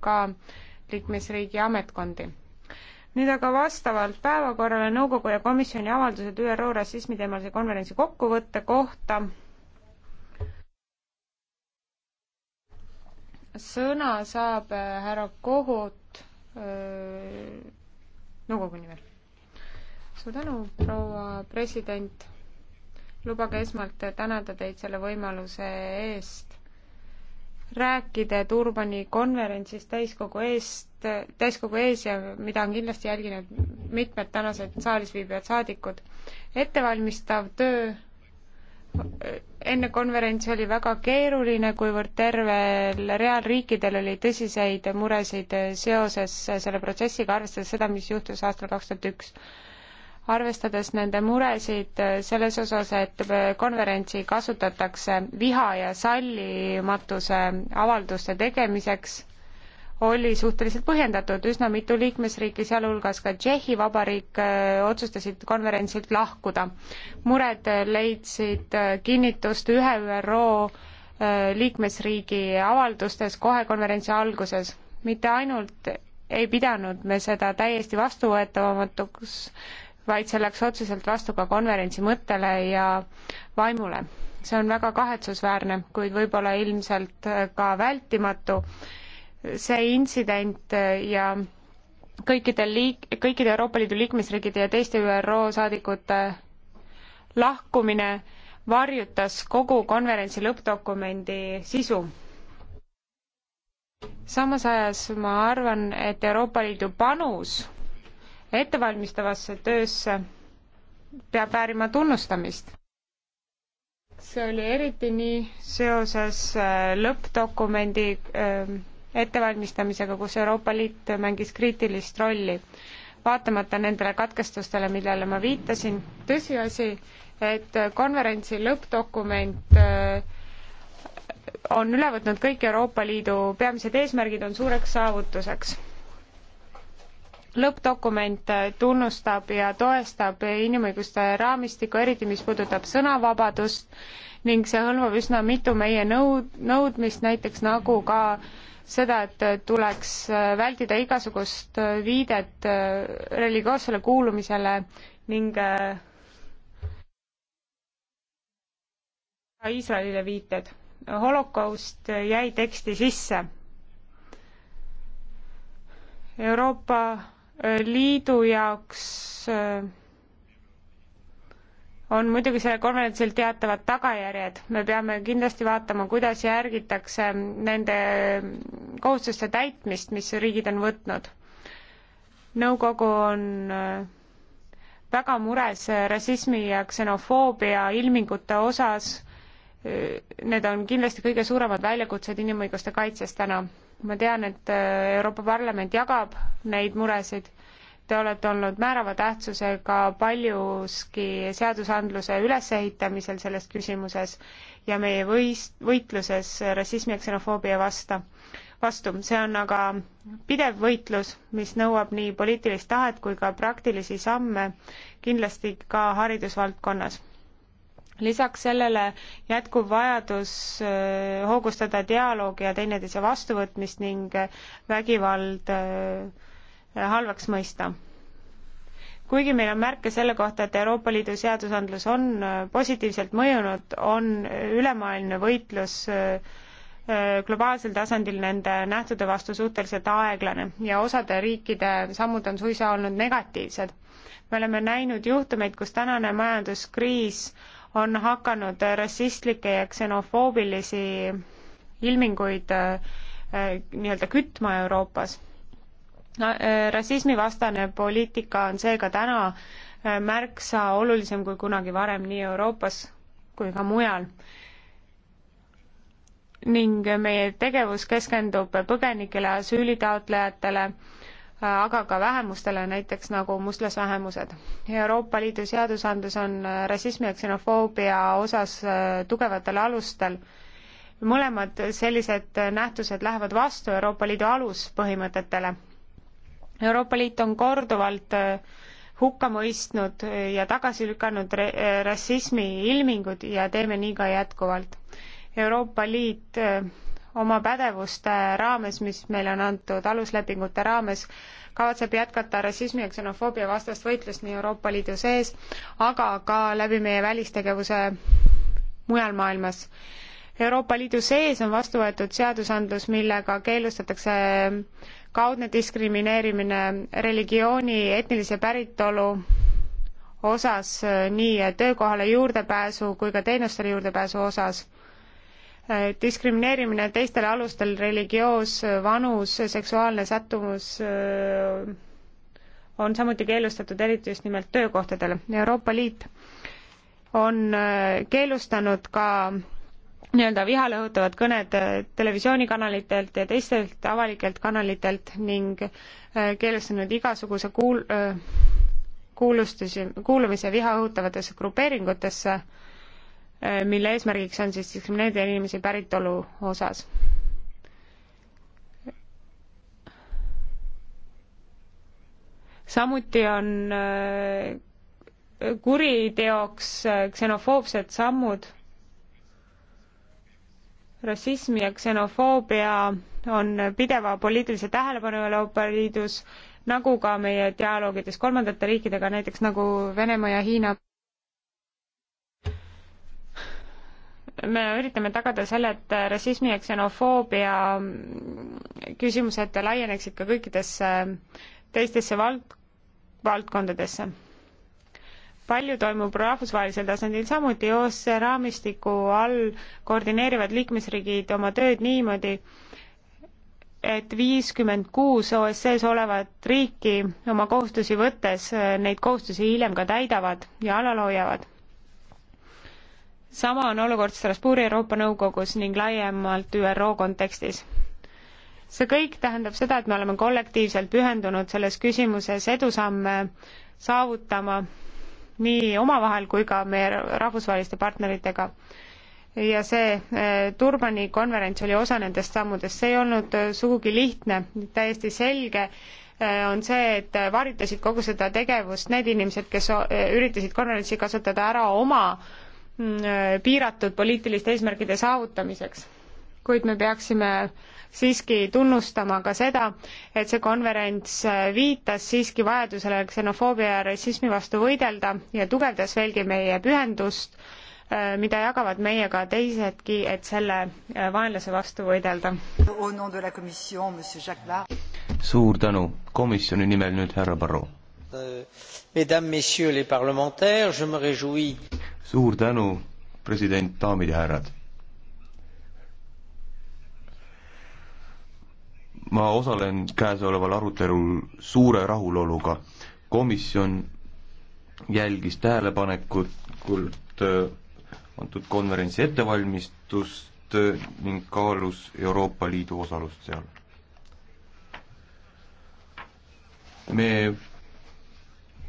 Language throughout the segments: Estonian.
ka liikmesriigi ametkondi. nüüd aga vastavalt päevakorrale nõukogu ja komisjoni avaldused ÜRO rassismiteemalise konverentsi kokkuvõtte kohta. sõna saab äh, härra Kohut äh, nõukogu nimel. suur tänu, proua president. lubage esmalt tänada teid selle võimaluse eest rääkida Turbani konverentsist täiskogu eest, täiskogu ees ja mida on kindlasti jälginud mitmed tänased saalis viibivad saadikud. ettevalmistav töö äh, enne konverentsi oli väga keeruline, kuivõrd tervel real riikidel oli tõsiseid muresid seoses selle protsessiga, arvestades seda, mis juhtus aastal kaks tuhat üks arvestades nende muresid äh, selles osas, et äh, konverentsi kasutatakse viha ja sallimatuse avalduste tegemiseks, oli suhteliselt põhjendatud, üsna mitu liikmesriiki, sealhulgas ka Tšehhi Vabariik, äh, otsustasid konverentsilt lahkuda. mured leidsid kinnitust ühe ÜRO liikmesriigi avaldustes kohe konverentsi alguses. mitte ainult ei pidanud me seda täiesti vastuvõetamatuks vaid see läks otseselt vastu ka konverentsi mõttele ja vaimule. see on väga kahetsusväärne, kuid võib-olla ilmselt ka vältimatu. see intsident ja kõikidel liik-, kõikide Euroopa Liidu liikmesriikide ja teiste ÜRO saadikute lahkumine varjutas kogu konverentsi lõppdokumendi sisu. samas ajas ma arvan, et Euroopa Liidu panus ettevalmistavasse töösse peab väärima tunnustamist. see oli eriti nii seoses äh, lõppdokumendi ähm, ettevalmistamisega, kus Euroopa Liit mängis kriitilist rolli. vaatamata nendele katkestustele, millele ma viitasin, tõsiasi, et konverentsi lõppdokument äh, on üle võtnud kõik Euroopa Liidu peamised eesmärgid, on suureks saavutuseks lõppdokument tunnustab ja toestab inimõiguste raamistikku, eriti mis puudutab sõnavabadust ning see hõlmab üsna mitu meie nõud, nõudmist, näiteks nagu ka seda, et tuleks vältida igasugust viidet religioossele kuulumisele ning ka äh, Iisraelile viited. holokaust jäi teksti sisse. Euroopa liidu jaoks äh, on muidugi sellel konverentsil teatavad tagajärjed. me peame kindlasti vaatama, kuidas järgitakse nende kohustuste täitmist, mis riigid on võtnud. nõukogu on äh, väga mures rassismi ja ksenofoobia ilmingute osas. Äh, need on kindlasti kõige suuremad väljakutsed inimõiguste kaitses täna ma tean, et äh, Euroopa Parlament jagab neid muresid. Te olete olnud määrava tähtsusega paljuski seadusandluse ülesehitamisel selles küsimuses ja meie võis-, võitluses rassismi ja ksenofoobia vastu vastu, see on aga pidev võitlus, mis nõuab nii poliitilist tahet kui ka praktilisi samme kindlasti ka haridusvaldkonnas lisaks sellele jätkub vajadus äh, hoogustada dialoogi ja teineteise vastuvõtmist ning äh, vägivald äh, halvaks mõista. kuigi meil on märke selle kohta, et Euroopa Liidu seadusandlus on positiivselt mõjunud, on ülemaailmne võitlus globaalsel tasandil nende nähtude vastu suhteliselt aeglane ja osade riikide sammud on suisa olnud negatiivsed. me oleme näinud juhtumeid, kus tänane majanduskriis on hakanud rassistlikke ja ksenofoobilisi ilminguid äh, nii-öelda kütma Euroopas. Äh, rassismivastane poliitika on seega täna äh, märksa olulisem kui kunagi varem nii Euroopas kui ka mujal ning meie tegevus keskendub põgenikele, asüülitaotlejatele aga ka vähemustele, näiteks nagu mustlasvähemused. Euroopa Liidu seadusandlus on rassismi ja ksenofoobia osas äh, tugevatel alustel. mõlemad sellised nähtused lähevad vastu Euroopa Liidu aluspõhimõtetele. Euroopa Liit on korduvalt äh, hukka mõistnud ja tagasi lükanud äh, rassismi ilmingud ja teeme nii ka jätkuvalt. Euroopa Liit oma pädevuste raames, mis meile on antud aluslepingute raames, kavatseb jätkata rassismi ja ksenofoobia vastast võitlust nii Euroopa Liidu sees, aga ka läbi meie välistegevuse mujal maailmas. Euroopa Liidu sees on vastu võetud seadusandlus, millega keelustatakse kaudne diskrimineerimine religiooni, etnilise päritolu osas, nii töökohale juurdepääsu kui ka teenustele juurdepääsu osas diskrimineerimine teistel alustel, religioos, vanus, seksuaalne sättumus äh, on samuti keelustatud, eriti just nimelt töökohtadel. Euroopa Liit on äh, keelustanud ka nii-öelda viha lõhutavad kõned äh, televisioonikanalitelt ja teistelt avalikelt kanalitelt ning keelustanud igasuguse kuul-, kuulustusi, kuulumise viha õhutavatesse grupeeringutesse äh, Äh, mille eesmärgiks on siis diskrimineerida inimesi päritolu osas. samuti on äh, kuriteoks äh, ksenofoobsed sammud. rassism ja ksenofoobia on pideva poliitilise tähelepanu Euroopa Liidus, nagu ka meie dialoogides kolmandate riikidega, näiteks nagu Venemaa ja Hiina. me üritame tagada selle, et rassismi ja ksenofoobia küsimused laieneksid ka kõikidesse teistesse vald-, valdkondadesse. palju toimub rahvusvahelisel tasandil samuti, OSCE raamistiku all koordineerivad liikmesriigid oma tööd niimoodi, et viiskümmend kuus OSCE-s olevat riiki oma kohustusi võttes neid kohustusi hiljem ka täidavad ja alal hoiavad sama on olukord Strasbourgi Euroopa Nõukogus ning laiemalt ÜRO kontekstis. see kõik tähendab seda, et me oleme kollektiivselt pühendunud selles küsimuses edusamme saavutama nii omavahel kui ka meie rahvusvaheliste partneritega. ja see Turbani eh, konverents oli osa nendest sammudest, see ei olnud eh, sugugi lihtne, täiesti selge eh, on see, et varjutasid kogu seda tegevust need inimesed, kes üritasid konverentsi kasutada ära oma äh, Mm, äh, piiratud poliitiliste eesmärkide saavutamiseks. kuid me peaksime siiski tunnustama ka seda, et see konverents äh, viitas siiski vajadusele ksenofoobia ja rassismi vastu võidelda ja tugevdas veelgi meie pühendust, äh, mida jagavad meiega teisedki, et selle vaenlase vastu võidelda. suur tänu, komisjoni nimel nüüd härra Barrot. Euh, mesdames, messieurs les parlementaires, je me réjouis suur tänu, president, daamid ja härrad. ma osalen käesoleval arutelul suure rahuloluga. komisjon jälgis tähelepanekult äh, antud konverentsi ettevalmistust äh, ning kaalus Euroopa Liidu osalust seal. me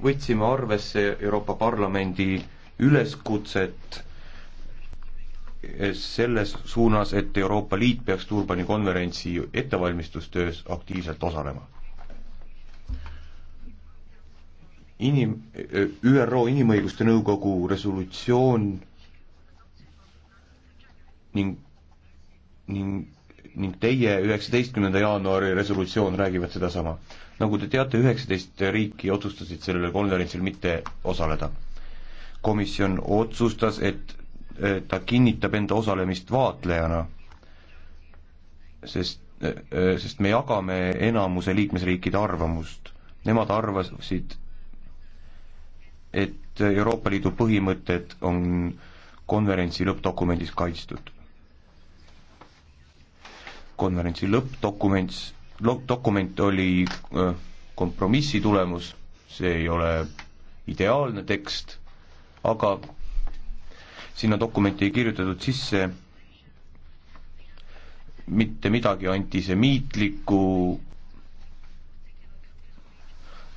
võtsime arvesse Euroopa Parlamendi üleskutset selles suunas, et Euroopa Liit peaks Durbani konverentsi ettevalmistustöös aktiivselt osalema. inim-, ÜRO Inimõiguste Nõukogu resolutsioon ning, ning, ning teie üheksateistkümnenda jaanuari resolutsioon räägivad sedasama. nagu te teate, üheksateist riiki otsustasid sellel konverentsil mitte osaleda komisjon otsustas, et ta kinnitab enda osalemist vaatlejana, sest, sest me jagame enamuse liikmesriikide arvamust. Nemad arvasid, et Euroopa Liidu põhimõtted on konverentsi lõppdokumendis kaitstud. konverentsi lõppdokument, lõppdokument oli kompromissi tulemus, see ei ole ideaalne tekst aga sinna dokumenti ei kirjutatud sisse mitte midagi antisemiitlikku,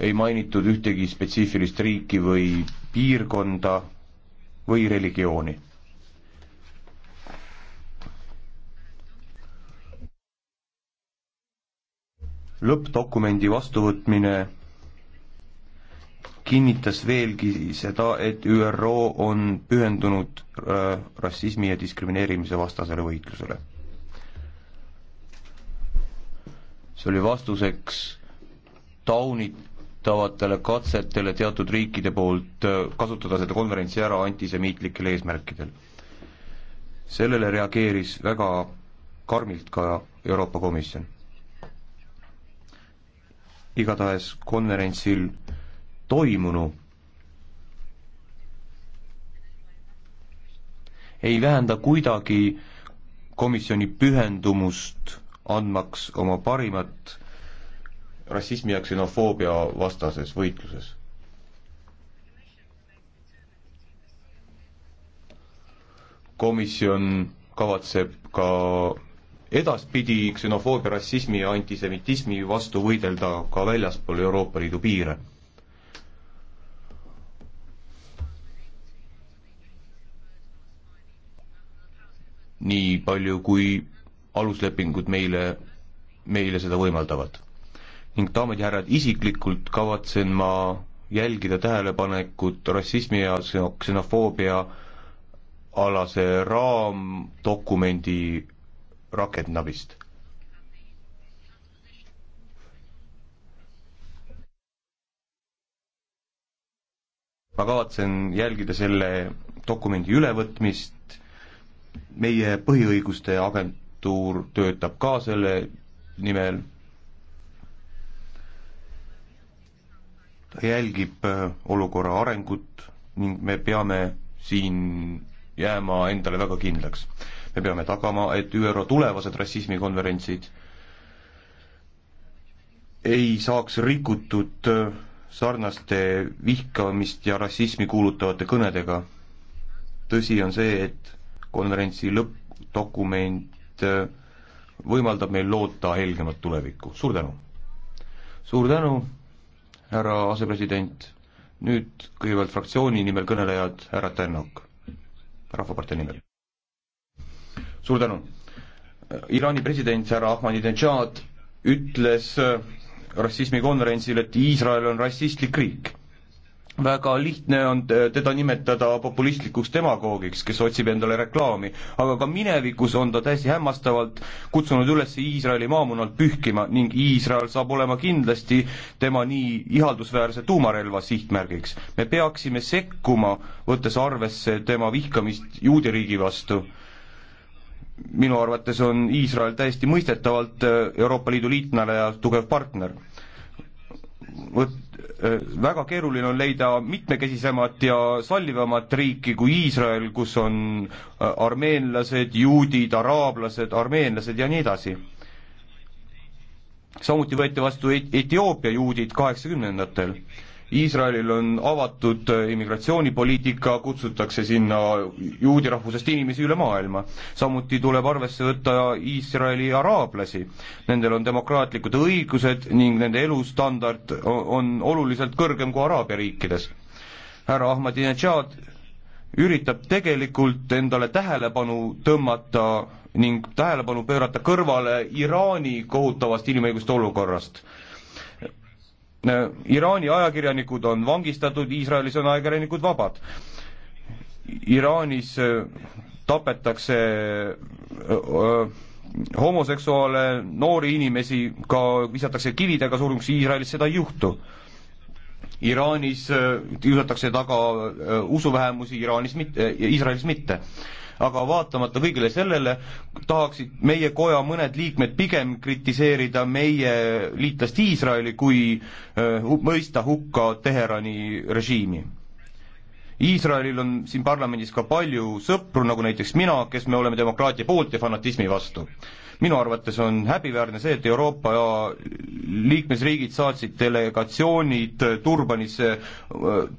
ei mainitud ühtegi spetsiifilist riiki või piirkonda või religiooni. lõppdokumendi vastuvõtmine kinnitas veelgi seda, et ÜRO on pühendunud äh, rassismi ja diskrimineerimise vastasele võitlusele. see oli vastuseks taunitavatele katsetele teatud riikide poolt äh, kasutada seda konverentsi ära antisemiitlikel eesmärkidel. sellele reageeris väga karmilt ka Euroopa Komisjon. igatahes konverentsil toimunu ei vähenda kuidagi komisjoni pühendumust andmaks oma parimat rassismi ja ksenofoobia vastases võitluses. komisjon kavatseb ka edaspidi ksenofoobia, rassismi ja antisemitismi vastu võidelda ka väljaspool Euroopa Liidu piire nii palju, kui aluslepingud meile, meile seda võimaldavad. ning daamid ja härrad, isiklikult kavatsen ma jälgida tähelepanekut rassismi ja ksenofoobia alase raamdokumendi rakendamist. ma kavatsen jälgida selle dokumendi ülevõtmist meie põhiõiguste agentuur töötab ka selle nimel, ta jälgib äh, olukorra arengut ning me peame siin jääma endale väga kindlaks. me peame tagama, et ÜRO tulevased rassismikonverentsid ei saaks rikutud äh, sarnaste vihkamist ja rassismi kuulutavate kõnedega. tõsi on see, et konverentsi lõppdokument äh, võimaldab meil loota helgemat tulevikku, suur tänu! suur tänu, härra asepresident, nüüd kõigepealt fraktsiooni nimel kõnelejad, härra Tänak, Rahvapartei nimel. suur tänu! Iraani president härra Ahmadinejad ütles äh, rassismikonverentsil, et Iisrael on rassistlik riik väga lihtne on teda nimetada populistlikuks demagoogiks, kes otsib endale reklaami, aga ka minevikus on ta täiesti hämmastavalt kutsunud üles Iisraeli maamunalt pühkima ning Iisrael saab olema kindlasti tema nii ihaldusväärse tuumarelva sihtmärgiks. me peaksime sekkuma, võttes arvesse tema vihkamist juudi riigi vastu minu arvates on Iisrael täiesti mõistetavalt Euroopa Liidu liitlane ja tugev partner. Võt-, Äh, väga keeruline on leida mitmekesisemat ja sallivamat riiki kui Iisrael, kus on äh, armeenlased, juudid, araablased, armeenlased ja nii edasi. samuti võeti vastu Etioopia juudid kaheksakümnendatel Iisraelil on avatud äh, immigratsioonipoliitika, kutsutakse sinna juudi rahvusest inimesi üle maailma. samuti tuleb arvesse võtta Iisraeli araablasi. Nendel on demokraatlikud õigused ning nende elustandard on oluliselt kõrgem kui araabia riikides. härra Ahmadinejad üritab tegelikult endale tähelepanu tõmmata ning tähelepanu pöörata kõrvale Iraani kohutavast inimõiguste olukorrast Äh, Iraani ajakirjanikud on vangistatud, Iisraelis on ajakirjanikud vabad. Iraanis äh, tapetakse äh, homoseksuaale, noori inimesi, ka visatakse kividega surnuks, Iisraelis seda ei juhtu. Iraanis kiusatakse taga usuvähemusi, Iraanis mitte, Iisraelis mitte aga vaatamata kõigele sellele tahaksid meie koja mõned liikmed pigem kritiseerida meie liitlast Iisraeli, kui mõista hukka Teherani režiimi. Iisraelil on siin parlamendis ka palju sõpru, nagu näiteks mina, kes me oleme demokraatia poolt ja fanatismi vastu minu arvates on häbiväärne see, et Euroopa liikmesriigid saatsid delegatsioonid Turbanisse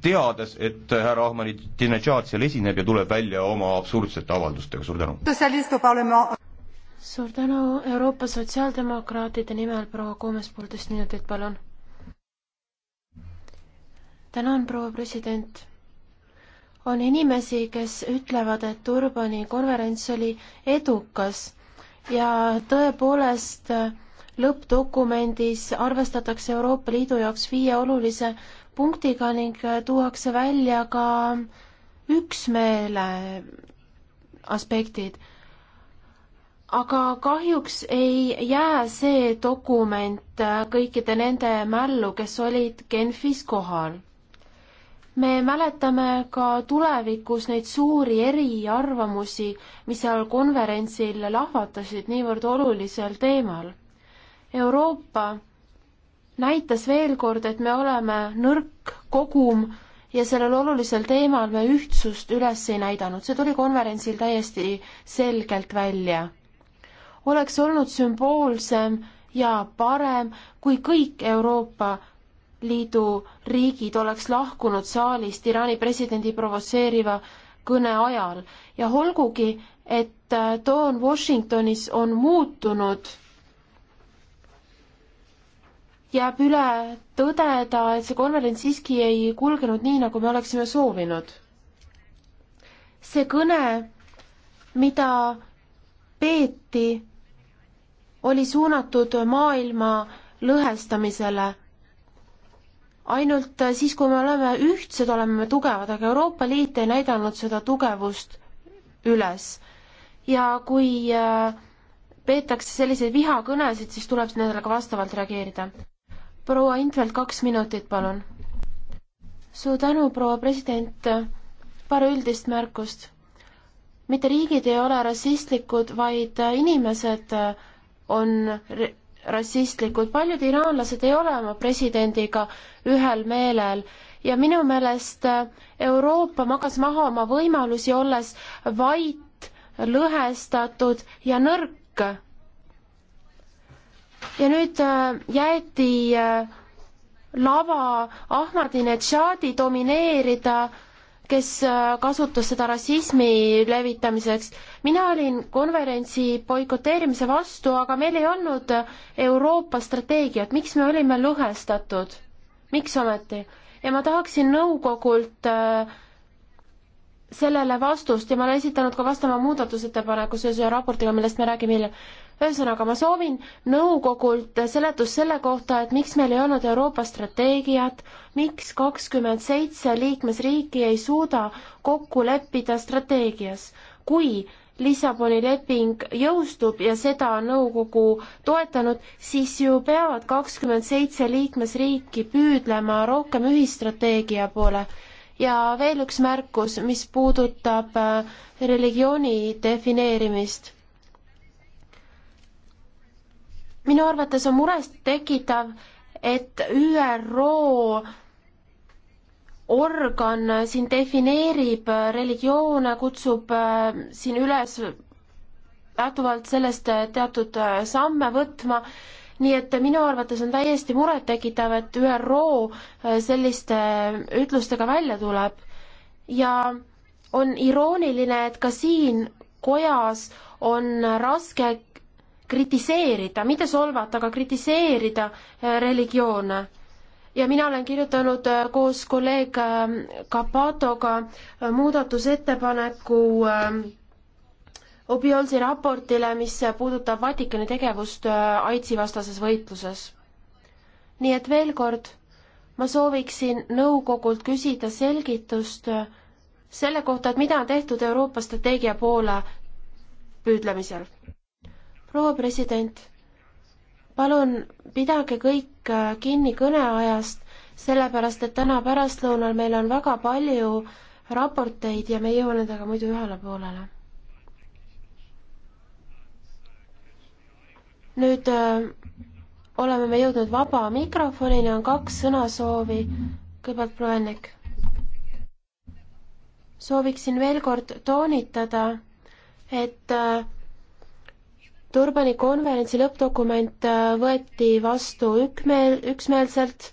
teades, et härra Ahmadinejad seal esineb ja tuleb välja oma absurdsete avaldustega, suur tänu! suur tänu, Euroopa Sotsiaaldemokraatide nimel proua Koomes, poolteist minutit, palun! tänan, proua president! on inimesi, kes ütlevad, et Urbani konverents oli edukas ja tõepoolest lõppdokumendis arvestatakse Euroopa Liidu jaoks viie olulise punktiga ning tuuakse välja ka üksmeele aspektid. aga kahjuks ei jää see dokument kõikide nende mällu, kes olid Genfis kohal me mäletame ka tulevikus neid suuri eriarvamusi, mis seal konverentsil lahvatasid niivõrd olulisel teemal. Euroopa näitas veel kord, et me oleme nõrk kogum ja sellel olulisel teemal me ühtsust üles ei näidanud, see tuli konverentsil täiesti selgelt välja. oleks olnud sümboolsem ja parem, kui kõik Euroopa Liidu riigid oleks lahkunud saalist Iraani presidendi provotseeriva kõne ajal ja olgugi, et toon äh, Washingtonis on muutunud, jääb üle tõdeda, et see konverents siiski ei kulgenud nii, nagu me oleksime soovinud. see kõne, mida peeti, oli suunatud maailma lõhestamisele ainult siis, kui me oleme ühtsed, oleme me tugevad, aga Euroopa Liit ei näidanud seda tugevust üles. ja kui äh, peetakse selliseid vihakõnesid, siis tuleb nendele ka vastavalt reageerida. proua Intvelt, kaks minutit, palun. suur tänu, proua president. paar üldist märkust. mitte riigid ei ole rassistlikud, vaid inimesed äh, on rassistlikud. paljud iraanlased ei ole oma presidendiga ühel meelel ja minu meelest Euroopa magas maha oma võimalusi, olles vait, lõhestatud ja nõrk. ja nüüd äh, jäeti äh, lava Ahmadinejadi domineerida kes äh, kasutas seda rassismi levitamiseks. mina olin konverentsi boikoteerimise vastu, aga meil ei olnud Euroopa strateegiat, miks me olime lõhestatud, miks ometi? ja ma tahaksin nõukogult äh, sellele vastust ja ma olen esitanud ka vastava muudatusettepaneku seoses ühe raportiga, millest me räägime hiljem ühesõnaga, ma soovin nõukogult seletust selle kohta, et miks meil ei olnud Euroopa strateegiat, miks kakskümmend seitse liikmesriiki ei suuda kokku leppida strateegias, kui Lissaboni leping jõustub ja seda on nõukogu toetanud, siis ju peavad kakskümmend seitse liikmesriiki püüdlema rohkem ühistrateegia poole. ja veel üks märkus, mis puudutab äh, religiooni defineerimist minu arvates on murest tekitav, et ÜRO organ siin defineerib religioone, kutsub äh, siin üles lähtuvalt sellest äh, teatud äh, samme võtma, nii et minu arvates on täiesti murettekitav, et ÜRO selliste ütlustega välja tuleb. ja on irooniline, et ka siin kojas on raske kritiseerida, mitte solvata, aga kritiseerida äh, religioone. ja mina olen kirjutanud äh, koos kolleeg Kapatoga ähm, äh, muudatusettepaneku ähm, Obiolsi raportile, mis puudutab Vatikani tegevust AIDSi vastases võitluses. nii et veel kord, ma sooviksin nõukogult küsida selgitust selle kohta, et mida on tehtud Euroopa strateegia poole püüdlemisel proua president, palun pidage kõik äh, kinni kõneajast, sellepärast et täna pärastlõunal meil on väga palju raporteid ja me ei jõua nendega muidu ühele poolele. nüüd öö, äh, oleme me jõudnud vaba mikrofonini, on kaks sõnasoovi. kõigepealt proua Ennek. sooviksin veel kord toonitada, et öö, äh, Durbani konverentsi lõppdokument äh, võeti vastu ükmeel, üksmeelselt.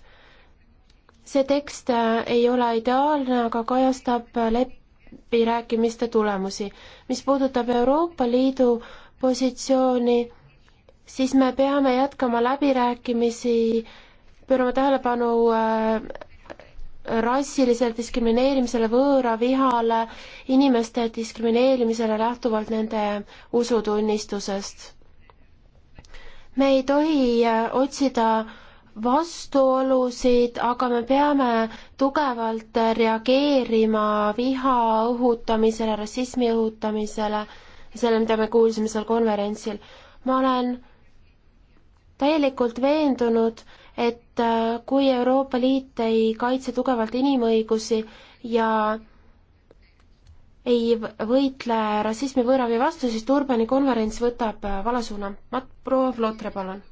see tekst äh, ei ole ideaalne, aga kajastab äh, läbirääkimiste tulemusi. mis puudutab Euroopa Liidu positsiooni, siis me peame jätkama läbirääkimisi, pöörama tähelepanu rassilisele diskrimineerimisele, võõra vihale, inimeste diskrimineerimisele lähtuvalt nende usutunnistusest me ei tohi äh, otsida vastuolusid, aga me peame tugevalt äh, reageerima viha õhutamisele, rassismi õhutamisele, selle, mida me kuulsime seal konverentsil. ma olen täielikult veendunud, et äh, kui Euroopa Liit ei kaitse tugevalt inimõigusi ja ei võitle rassismi võõravi vastu, siis Durbani konverents võtab äh, vale suuna. proua Flotre, palun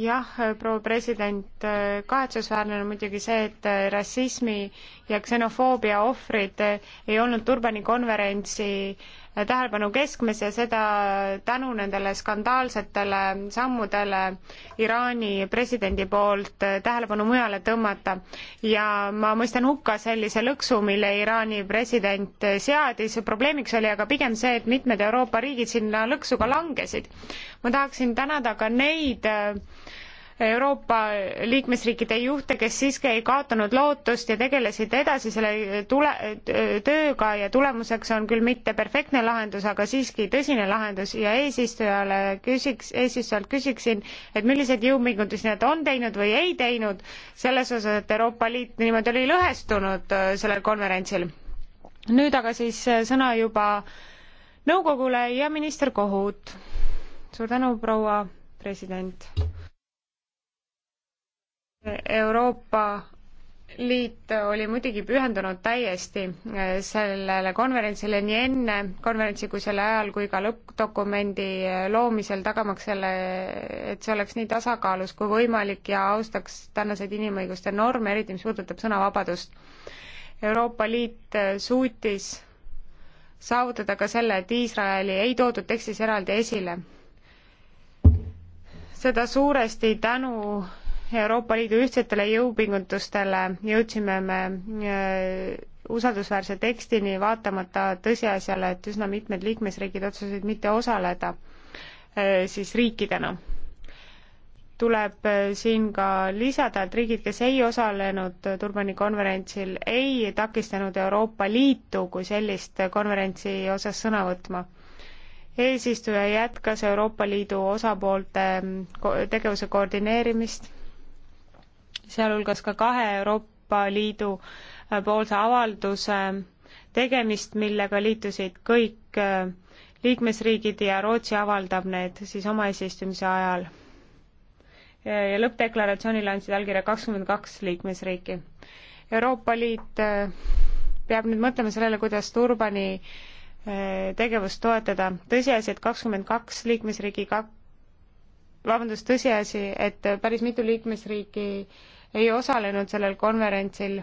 jah, proua president, kahetsusväärne on muidugi see, et äh, rassismi ja ksenofoobia ohvrid äh, ei olnud Durbani konverentsi äh, tähelepanu keskmes ja seda tänu nendele skandaalsetele sammudele Iraani presidendi poolt tähelepanu mujale tõmmata. ja ma mõistan hukka sellise lõksu, mille Iraani president seadis, probleemiks oli aga pigem see, et mitmed Euroopa riigid sinna lõksu ka langesid. ma tahaksin tänada ka neid äh, Euroopa liikmesriikide juhte, kes siiski ei kaotanud lootust ja tegelesid edasi selle tule, tööga ja tulemuseks on küll mitte perfektne lahendus, aga siiski tõsine lahendus ja eesistujale küsiks, eesistujalt küsiksin, et milliseid jõupingutusi nad on teinud või ei teinud selles osas, et Euroopa Liit niimoodi oli lõhestunud äh, sellel konverentsil. nüüd aga siis äh, sõna juba nõukogule ja minister Kohut suur tänu, proua president. Euroopa Liit oli muidugi pühendunud täiesti eh, sellele konverentsile nii enne konverentsi kui selle ajal kui ka lõppdokumendi eh, loomisel, tagamaks selle, et see oleks nii tasakaalus kui võimalik ja austaks tänaseid inimõiguste norme, eriti mis puudutab sõnavabadust. Euroopa Liit eh, suutis saavutada ka selle, et Iisraeli ei toodud tekstis eraldi esile seda suuresti tänu Euroopa Liidu ühtsetele jõupingutustele jõudsime me äh, usaldusväärse tekstini, vaatamata tõsiasjale, et üsna mitmed liikmesriigid otsuseid mitte osaleda äh, siis riikidena. tuleb äh, siin ka lisada, et riigid, kes ei osalenud Durbani konverentsil, ei takistanud Euroopa Liitu kui sellist konverentsi osas sõna võtma eesistuja jätkas Euroopa Liidu osapoolte mm, tegevuse koordineerimist, sealhulgas ka kahe Euroopa Liidu äh, poolse avalduse äh, tegemist, millega liitusid kõik äh, liikmesriigid ja Rootsi avaldab need siis oma eesistumise ajal. ja lõppdeklaratsioonile andsid allkirja kakskümmend kaks liikmesriiki. Euroopa Liit peab nüüd mõtlema sellele, kuidas Turbani äh, Äh, tegevust toetada. tõsiasi, et kakskümmend kaks liikmesriigi kak-, vabandust, tõsiasi, et päris mitu liikmesriiki ei osalenud sellel konverentsil,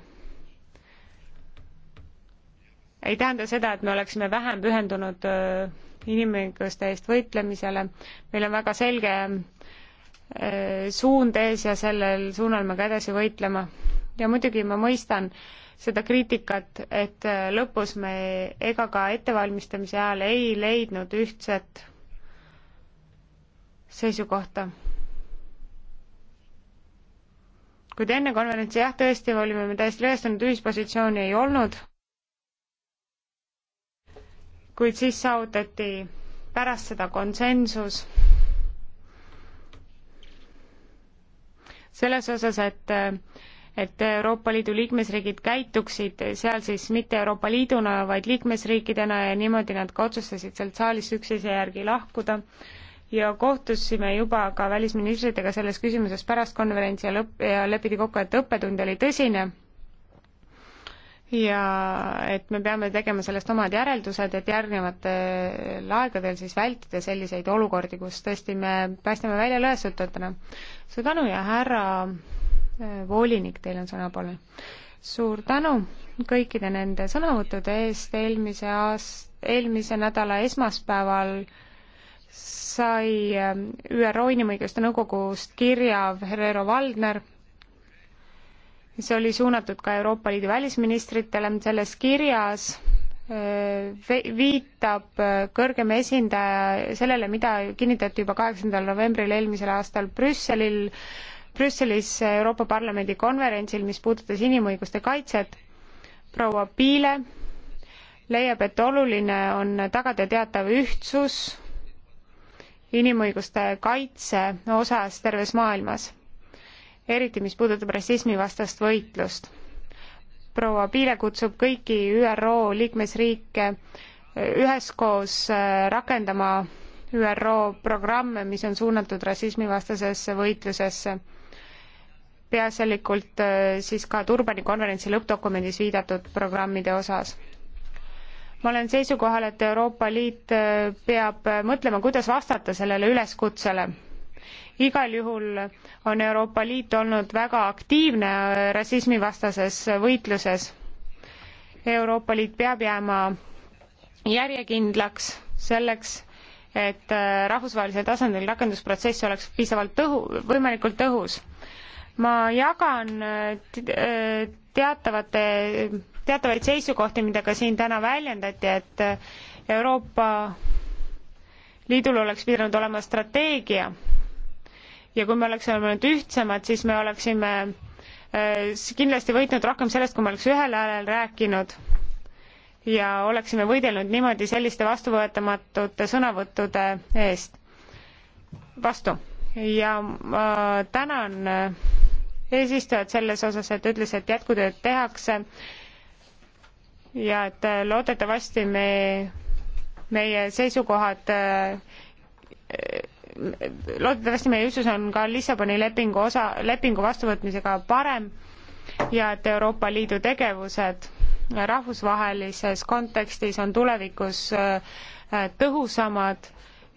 ei tähenda seda, et me oleksime vähem pühendunud äh, inimõiguste eest võitlemisele, meil on väga selge äh, suund ees ja sellel suunal me ka edasi võitlema. ja muidugi ma mõistan äh, seda kriitikat, et lõpus me ega ka ettevalmistamise ajal ei leidnud ühtset seisukohta. kuid enne konverentsi jah, tõesti olime me täiesti lõhestunud, ühispositsiooni ei olnud. kuid siis saavutati pärast seda konsensus selles osas, et et Euroopa Liidu liikmesriigid käituksid seal siis mitte Euroopa Liiduna, vaid liikmesriikidena ja niimoodi nad ka otsustasid sealt saalist üksteise järgi lahkuda ja kohtusime juba ka välisministritega selles küsimuses pärast konverentsi ja lõpp, ja lepiti kokku, et õppetund oli tõsine ja et me peame tegema sellest omad järeldused, et järgnevatel aegadel siis vältida selliseid olukordi, kus tõesti me päästame välja lõhestututena. suur tänu ja härra Eh, volinik, teil on sõna, palun. suur tänu kõikide nende sõnavõttude eest, eelmise aast-, eelmise nädala esmaspäeval sai eh, ÜRO Inimõiguste Nõukogust kirja Herrero Valdner, see oli suunatud ka Euroopa Liidu välisministritele, selles kirjas eh, viitab kõrgem esindaja sellele, mida kinnitati juba kaheksandal novembril eelmisel aastal Brüsselil Brüsselis Euroopa Parlamendi konverentsil, mis puudutas inimõiguste kaitset. proua Piile leiab, et oluline on tagada teatav ühtsus inimõiguste kaitse osas terves maailmas, eriti mis puudutab rassismivastast võitlust. proua Piile kutsub kõiki ÜRO liikmesriike üheskoos äh, rakendama ÜRO programme, mis on suunatud rassismivastasesse võitlusesse peaasjalikult äh, siis ka Turbani konverentsi lõppdokumendis viidatud programmide osas. ma olen seisukohal, et Euroopa Liit äh, peab äh, mõtlema, kuidas vastata sellele üleskutsele. igal juhul on Euroopa Liit olnud väga aktiivne rassismivastases võitluses. Euroopa Liit peab jääma järjekindlaks selleks, et rahvusvahelisel tasandil rakendusprotsess oleks piisavalt tõhu-, võimalikult tõhus ma jagan äh, teatavate, teatavaid seisukohti, mida ka siin täna väljendati, et äh, Euroopa Liidul oleks pidanud olema strateegia ja kui me oleksime olnud ühtsemad, siis me oleksime äh, kindlasti võitnud rohkem sellest, kui me oleks ühel häälel rääkinud ja oleksime võidelnud niimoodi selliste vastuvõetamatute sõnavõttude eest vastu ja ma tänan eesistujat selles osas, et ütles, et jätkutööd tehakse ja et äh, loodetavasti me, meie seisukohad äh, loodetavasti meie ühtsus on ka Lissaboni lepingu osa, lepingu vastuvõtmisega parem ja et Euroopa Liidu tegevused rahvusvahelises kontekstis on tulevikus äh, tõhusamad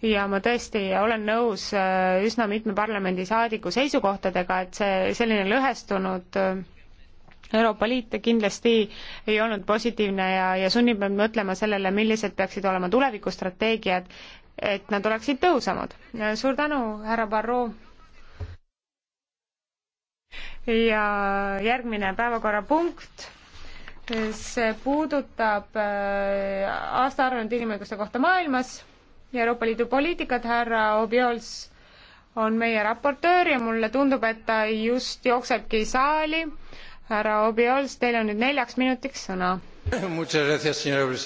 ja ma tõesti olen nõus äh, üsna mitme parlamendisaadiku seisukohtadega, et see selline lõhestunud äh, Euroopa Liit kindlasti ei olnud positiivne ja, ja sunnib meid mõtlema sellele, millised peaksid olema tulevikustrateegiad, et nad oleksid tõhusamad. Äh, suur tänu, härra Barrot! ja järgmine päevakorrapunkt see puudutab aastaaruannet inimõiguste kohta maailmas Euroopa Liidu poliitikat, härra Obiols on meie raportöör ja mulle tundub, et ta just jooksebki saali. härra Obiols, teil on nüüd neljaks minutiks sõna.